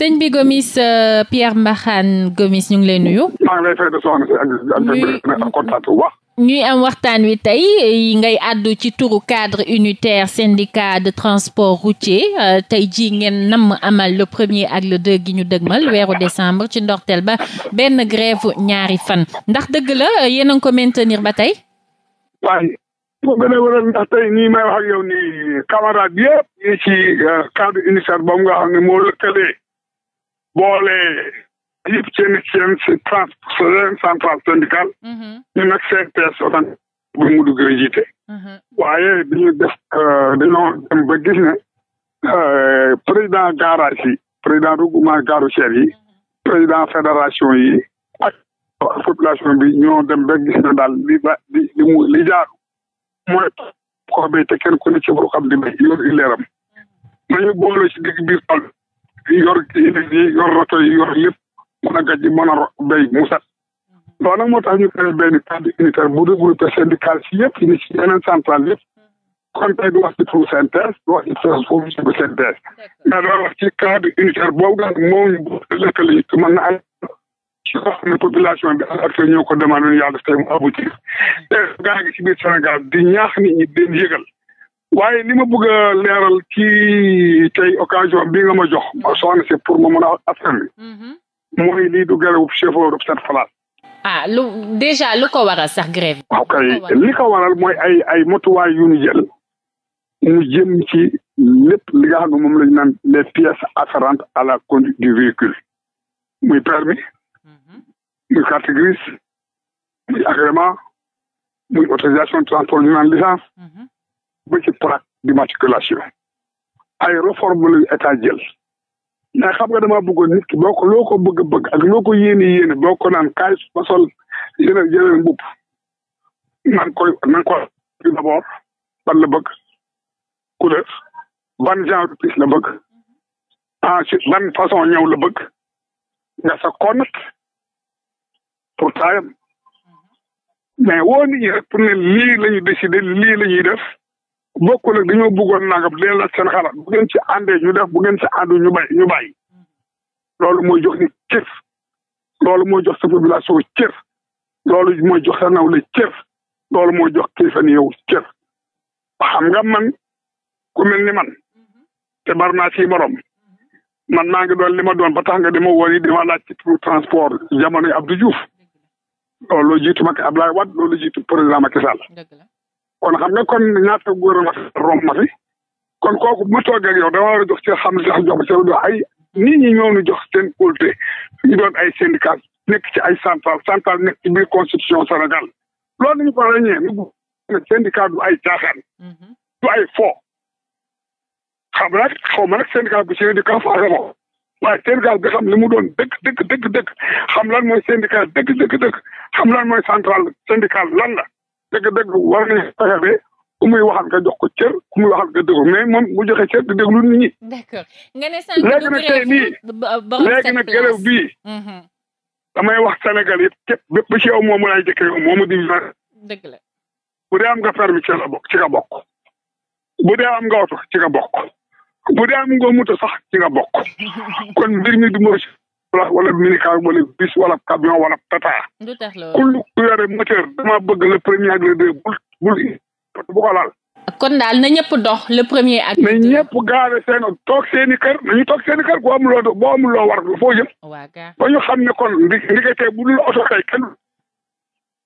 sëñ bi Gomis euh, Pierre Mbakhane Gomis ñu ngi lay nuyu. ñu am waxtaan wi tey ngay àddu ci turu cadre unitaire syndicat de transport routier euh, tey jii ngeen nam amal le premier ak le deux gi ñu dëgmal weeru décembre ci ndorteel ba benn grève ñaari fan ndax dëgg la yéen a ko maintenir ba tey. waaye boo gën a waral ndax tey nii may wax yow nii camarade yëpp ñu ci euh, cadre unitaire boobu nga xam ne moo lëkkalee boolee yëpp seen seen seen centrale syndicale. Mm-hmm. ñu nag CNTS Otan bu mu dugg a jiite. Mm-hmm. waaye dañu def euh, dañoo dem ba gis ne euh, président garage yi président regroupement garoutier yi mm-hmm. président fédération yi ak population bi ñoo dem ba gis ne daal li ba li li mu li jaaru mooy ko bay te kenn ku ne di bay yor leeram nañu boole ci digg biir tool yor indi yi yor roto yi yor lépp mën a gàjj mën a béy mu set mhm. loolu nag moo tax ñu créé benn cadre unitaire bu regroupé syndical si yëpp yi ni si yeneen central yëpp mhm. kon tey du wax ci turu CNTS du wax ci turu CNTS mais ci cadre unitaire boobu nga moo ñu lëkkale yi mën na am ci loo xam ne ko demandé yàlla tey mu aboutir mhm. di ñaax nit ñi di yëgal waaye li ma bëgg a leeral ci tey occasion bi nga ma jox ma soxna si pour ma mën a askan bi mhm. mooy lii du grève bu chef de cette place ah déjà lu ko waral sax grève waaw li ko waral mooy ay ay motuwaay yu ñu jël mu jëm ci lépp li ga xam moom la ñu naan les pièces afférentes à la conduite du véhicule muy permis mhm. muy carte grise muy agrément muy autorisation transport ñu naan licence mhm. ba ci plaque d'immatriculation ay réforme état jël ndax xam nga dama bëggoon nit ki boo ko loo bëgg bëgg ak loo ko yéene yéene boo ko naan kaay ma sol nan koy nan ko ban la bëgg couleur ban genre pièce la bëgg ensuite ban façon ñëw la bëgg nga sa ko nag pour taayam mm-hmm. mais rek pour ne lii la ñu lii la ñuy def bokkul ak dañoo bëggoon nangam leen la seen xalaat bu ngeen ci àndee ñu def bu ngeen ci àndu ñu bay ñu bàyyi loolu mooy jox ni cër loolu mooy jox sa population cër loolu jox sa nawle cër loolu mooy jox kilifa ni yow xam nga man ku mel ni man te bar naa ci borom man maa ngi doon li ma doon ba tax nga dama woon yi dama laaj ci transport jamono Abdou Diouf loolu jiitu Macky Abdoulaye Wade loolu jiitu président Macky Sall kon xam ne kon ñaata góor a ma romb ma fi kon kooku bu ma toogee ak yow dama war a jox ci xam si jox ay nit ñi ñoo ñu jox seen kóolute ñu doon ay syndicat nekk ci ay central central nekk ci biir constitution Sénégal loolu ñu ko ràññee ñu ne syndicat du ay caaxaan mhm. du ay xam nag xaw ma nag syndicat bu ci di ka faase ko waaye syndicat bi xam li mu doon dëkk dëkk dëkk dëkk xam lan mooy syndicat dëkk dëkk xam lan mooy central syndical lan la dëgg-dëgg war nañu fexe ba ku muy waxal nga jox ko cër ku muy waxal nga déglu mais moom mu joxe cër di déglu nit ñi. d'accord nga ne sànq léegi nag tey nii léegi nag grève bii. Mhm. damay wax Sénégal yëpp képp bépp ci yow moomu laay jëkkee moomu di. dëgg la bu dee am nga permis ci la bokk ci nga bokk bu dee am nga oto ci nga bokk bu dee am nga moto sax ci nga bokk kon mbir mi du ma place wala minicar wala bis wala camion wala tata. lu tax loolu kullu ku yore moteur dama bëgg le premier ak bul bul bu ko laal. kon daal na ñëpp dox le premier ak. na ñëpp gaare seen toog seen i kër nañu toog seen i kër boo amul loo boo amul war foo jëm. waaw xam ne kon ndi ndigate bu dul oto kay kenn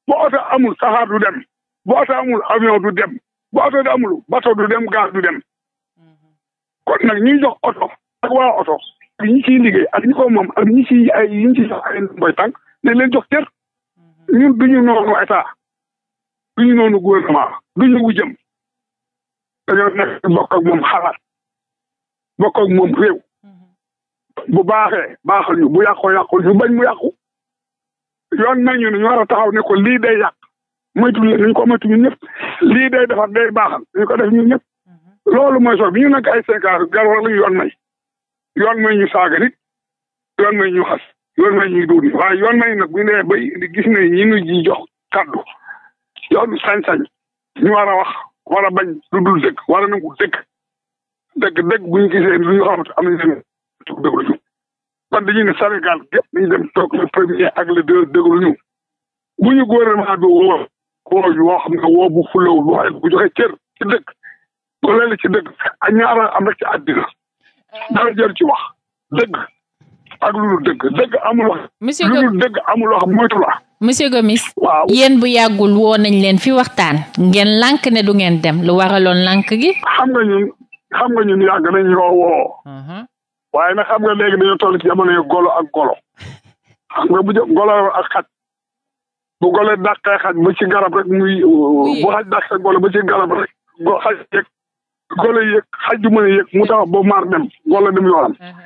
bu oto amul saxaar du dem bu oto amul avion du dem bu oto amul bateau du dem gaar du dem mhm. kon nag ñuy jox oto ak waa oto. ak ñi ciy liggéey ak ñi ko moom ak ñi ciy ay ñi ciy jox ay mboy tànk nañ leen jox cër mhm. ñun duñu noonu état duñu noonu gouvernement duñu wu jëm dañoo nekk bokk ak moom xalaat bokk ak moom réew mhm. bu baaxee baaxal ñu bu yàqoo yàqul ñu bañ mu yàqu yoon nañu ne ñu war a taxaw ne lii day yàq mooy tu nañu ko moytu ñun ñëpp lii day defar day baaxal dañu ko def ñun ñëpp mhm. loolu mooy soog bi ñu nekk ay cinq ans gar war la yoon may yoon may ñu saaga nit yoon may ñu xas yoon may ñu duut waaye yoon may nag bu ñu demee bay gis ne ñi ñu ji jox kàddu yoonu sañ-sañ ñu war a wax war a bañ lu dul dëkk war a nangu dëkk dëkk dëkk bu ñu gisee kon dañuy ne Sénégal gépp nañu dem toog le premier ak le deux déglu ñu bu ñu gouvernement bi woo woo a ñaara am rek ci àddina dara jël ci wax dëgg ak lu dul dëgg dëgg amul wax. monsieur Gomis lu la. monsieur Gomis. waaw yéen bu yàggul woo nañ leen fi waxtaan. ngeen lànk ne du ngeen dem lu waraloon lànk gi. xam nga ñun xam nga ñun yàgg nañu ko woo. Uh-huh. waaye na xam nga léegi dañoo toll ci jamono yu golo ak golo. xam nga bu jë golo ak xaj. bu golo dàqee xaj ba ci garab rek muy. bu xaj dàqee golo ba ci garab rek go xaj rek. golo yëg xaj du mën a yëg mu tax ba maar dem golo dem yoonam uh-huh.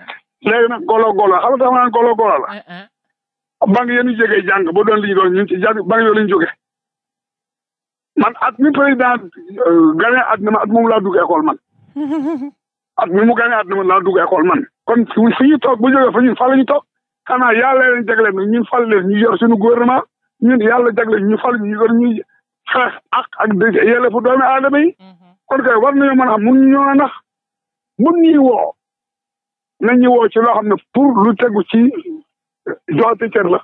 léegi nag golo golo xam nga tax golo golo la uh-huh. banque yéen ñu jógee jàng ba doon li doon ñun ci jàng banque yoo la ñu man at mi président euh, gane at na ma at moom laa dugg école man at mi mu gane at na ma laa dugg école man kon fi ñu toog bu jógee fa ñun fa la ñu toog xanaa yàlla leen jagle na ñun fal ñu yor suñu gouvernement ñun yàlla jagle ñu fal ñu yor ñuy xeex ak ak yelleefu doomi aadama yi kon kay war nañoo mën a ñu ñoo nax mun ñuy woo nañ woo ci loo xam ne pour lu tegu ci joxante cër la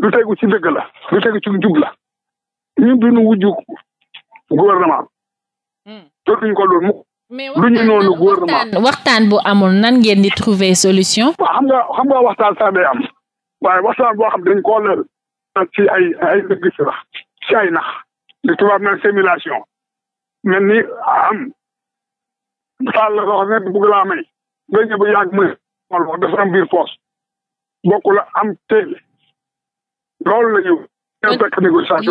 lu tegu ci dëgg la lu tegu ci jub la ñun du ñu wujju gouvernement. Hmm. jotuñ ko loolu mukk. lu ñu noonu gouvernement waxtaan bu amul nan ngeen di trouver solution. waaw xam nga xam nga waxtaan sax day am waaye waxtaan boo xam dañ koo ci ay ay dëgg si la ci nax li tubaab naan simulation. mel ni am saal la soo xam ne bugg laa may nga ñëw ba yàgg muy xool dafa am biir poos bokk la am teel loolu la ñu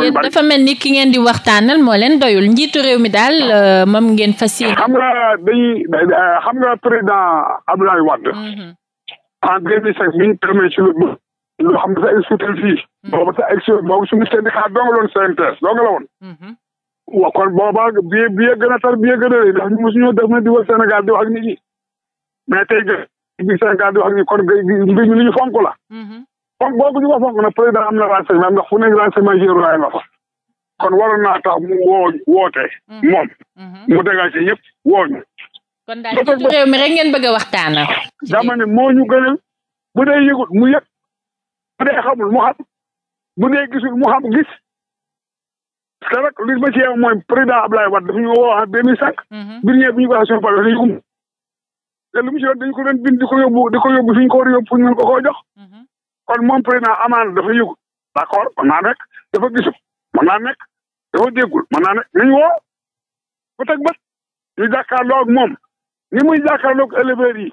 yéen dafa mel ni ki ngeen di waxtaanal moo leen doyul njiitu réew mi daal ah. euh, moom ngeen fas xam nga dañuy euh, xam nga président Abdoulaye Wade mhm. en deux mille cinq bi ñu permet ci lu loo xam ne mhm. sax ay suutal boobu suñu syndicat doo nga loon CNTS wa kon boobaa bii bii gën a tar bii gën a rëy ndax mosuñoo def na di wër Sénégal di wax ak nit ñi mais tey bi Sénégal di wax ak ñi kon mbir mi li ñu fonk la. Mm-hmm. boobu ñu fonk nag président am na renseignement ndax fu nga fa kon waroon naa tax mu woo woote. Mm-hmm. moom mm-hmm. mu dégagé ñëpp woo ñu. rek ngeen bëgg a waxtaanal. dama ne moo ñu gënal bu dee yëgul mu yëg bu dee xamul mu xam bu dee gisul mu xam gis. parce que nag li ma ci yow mooy président Ablaye Wade dafa ñu woo en deux mille cinq. Mhm. biir bi ñu ko waxee suñu pare dañu ko. lu mu ci dañu ko doon bind di ko yóbbu di ko yóbbu fi ñu ko war a yóbbu ko koo jox. Mhm. kon moom président amaan dafa yëg d' accord mën naa nekk dafa gisul mën naa nekk dafa déggul mën naa nekk nañu woo ba teg bët ñu jàkkaarloo ak moom ni muy jàkkaarloog éleveurs yi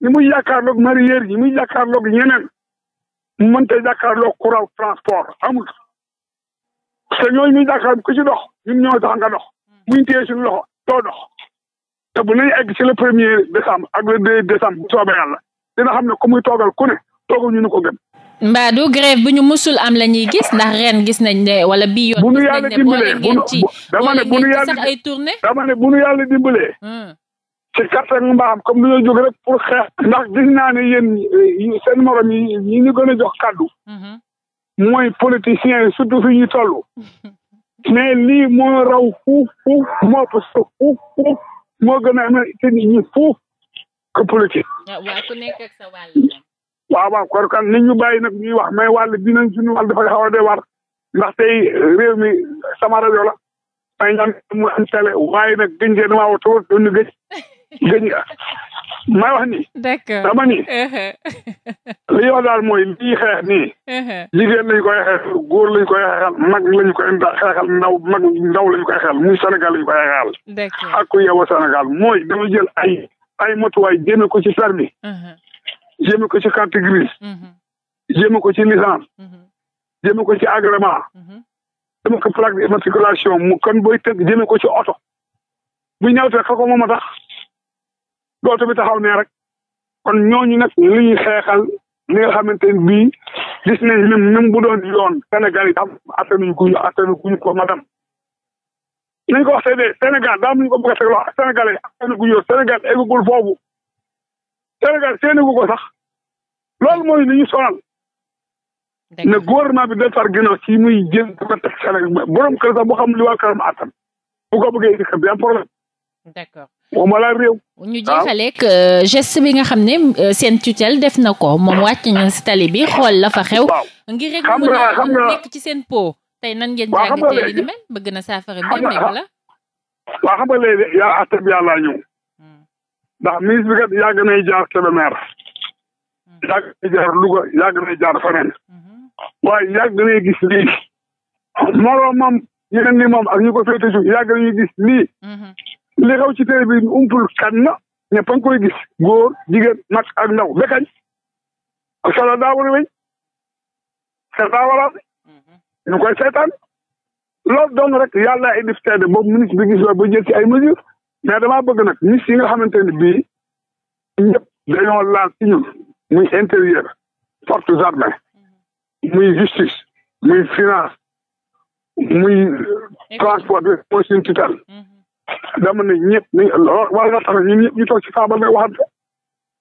ni muy jàkkaarloog mareyeurs yi ni muy jàkkaarloog ñeneen mu mënta jàkkaarloog courant transport amul. te ñooñu ñu Dakar ku ci dox ñun ñoo tax nga dox buñ téye suñu loxo doo dox te bu nañ egg ci le premier décembre ak le deux décembre bu soobee yàlla dina xam ne ku muy ku ne ñu nu ko gën. mbaa bu ñu musul am la ñuy gis ndax ren gis na ne wala bii yoon. bu nu yàlla dimbalee bu nu dama ne bu nu yàlla sax ay tournée. dama ne bu nu yàlla dimbalee. Hmm. ci kàttan mbaam comme dañoo jóg rek pour xeex. ndax gis naa ne yéen seen morom yi ñi ñu gën a jox kàddu. Hmm. mooy politiciens yi surtout fi ñu toll mais lii moo raw fuuf fuuf moo parce fuuf fuuf moo gën a am te nit fuuf que politique ah, waaw ku nekk ak sa waaw waaw kon kan nit ñu bàyyi nag ñuy wax mais wàll dinañ suñu wàll dafa xaw a doy waar ndax tey réew mi sama rajo la may nga am waaye nag gëñ gee damaa wa tawat doon gëñ gëñ may wax ni d'accord dama ni li yoo mooy li xeex nii jigéen lañ koy xeexal góor lañ koy xeexal mag lañ koy xeexal ndaw mag ndaw lañ koy xeexal muy Sénégal lañ koy xeexal ak ku yeewoo Sénégal mooy dama jël ay ay matuwaay ko ci permis jéeme ko ci carte grise ko ci licence jéeme ko ci agrément jéeme ko plaque d'immatriculation mu kon booy tënk jéeme ko ci oto bu ñëw te ko moom dootu bi taxaw ne rek kon ñooñu nag li ñuy xeexal li nga ne bii gis nañ ne même bu doon yoon Sénégal yi am attanuñ ko attanu guñ ko madam nañ ko wax tey de Sénégal daa am ñu ko a teg loxo Sénégal yi attanu guñ yoon Sénégal eggagul sax loolu mooy li ñu sonal. ne gouvernement bi da far ginnaaw ci muy jël di ko teg Sénégal borom kër sax boo xam li waa këram attan bu ko bëggee indi bi am problème. moom wala réew. ñu ah. jeexaleeg euh, geste bi nga xam ne euh, seen tutelle def na ko moom wàcc na si tali bi xool la fa xew. ngir rek mën a nekk ci seen po. tey na saafara mbir mi wala. waa xam nga léegi yaa àtte bi yàlla ñëw. Hmm. ndax ministre bi kat yàgg nay jaar Kébémer. Hmm. yàgg nay jaar Louga yàgg nay jaar feneen. Hmm. waaye yàgg nay gis lii. moroomam yeneen ni moom ak ñu ko féete ju yàgg nañu gis lii. li xew ci télé bi umpul kan na ñëpp a ngi koy gis góor jigéen mag ak ndaw bekañ sala daawari weñ sa daawaraat mhm. ñu koy seetaan loolu doom rek yàlla ay def tedd boobu ministre bi gis ba jël ci ay mesures mais damaa bëgg nag ministre yi nga xamante ni bii ñëpp dañoo laal ci ñun muy intérieur forces armées mhm. muy justice muy finance muy transport bi mooy suñu tutelle mhm. dama ne ñëpp nañ wala nga tax ne ñun ñëpp ñu toog ci saabal may waxante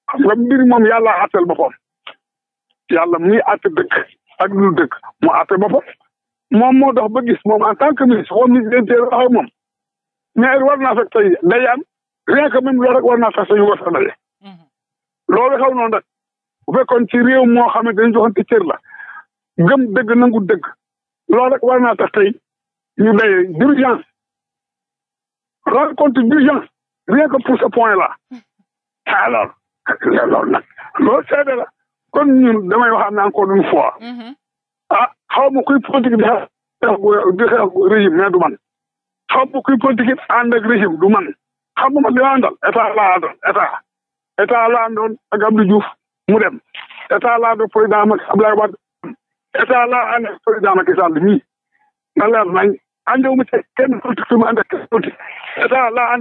xam nga mbir moom yàlla àtteel boppam yàlla muy àtte dëkk ak lu dëkk mu àtte boppam moom moo dox ba gis moom en tant que ministre xool ministre d'intérieur ak moom mais war naa fekk tey day am rien que même loolu rek war naa fekk sañu war sa mhm. bu fekkoon ci réew moo xamante dañu joxante cër la gëm dëgg nangu dëgg loolu rek war naa tax tey ñu daje d'urgence rencontre d'urgence rien que pour ce point-là alors loolu nag loolu seede kon ñun damay waxaat encore une fois mhm. ah xaw ma kuy politique di xeex régime mais du man xaw ma kuy politique it ànd ak régime du man xam nga man li ma àndal état laa àndal état laa àndoon ak Abdou Diouf mu laa ànd ak président Abdoulaye Wade état laa ànd ak président Macky Sall mii na leer nañ àndewuma ci kenn politique mu ànd ak kenn politique état laa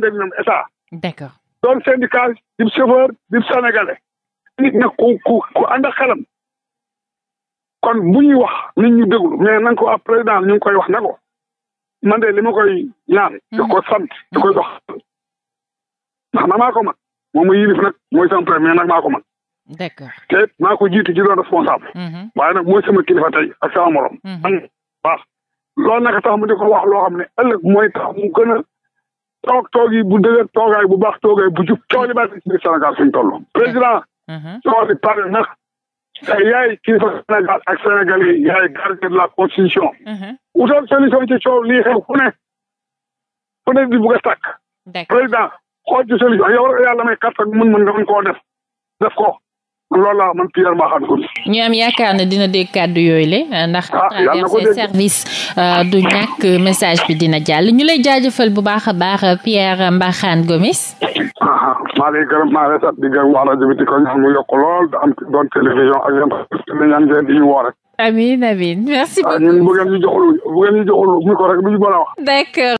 ànd ku ku ku ànd kon bu ñuy wax nit ñu déglu mais na nga ko wax président ñu ngi koy wax na ko de li ma koy ñaan. da ko mhm. sant da koy dox. ndax na maa ko man moom mooy yilif nag mooy sama premier nag maa ko man d'accord te maa ko jiitu responsable. Mhm. waaye nag mooy sama kilifa tey ak sama morom. Mhm. baax. loolu nag tax mu di ko wax loo xam ne ëllëg mooy tax mu gën a toog toog yi bu dëgër toogaay bu baax toogaay bu jub coow li baax ci biir Sénégal suñ toll. Mm-hmm. président. Mm-hmm. coow li pare nag. yaay kilifa Sénégal ak Sénégal yi la constitution. Mm-hmm. utal solution ci coow lii xew ku ne ku ne di bugg a tàkk. président xool ci solution yow yàlla may kàttan mën mën nga mën koo def def ko. loolu laa man Pierre Mahane Koundé. ñu am yaakaar ne dina dégg kàddu yooyu la eh, ndax. ah yàlla na ko service euh, du ñàkk message bi dina jàll ñu lay jaajëfal bu baax a baax Pierre Mahane Gomis. Ah, maa lay gërëm maa lay sat di gërëm waa rajo bi ko ñaan mu yokk lool da am doon télévision ak yéen di ñaan ngeen di ñu woo rek. amiin amiin merci ah, beaucoup ñun bu ñu joxul bu ngeen rek du ñu a wax. d'accord.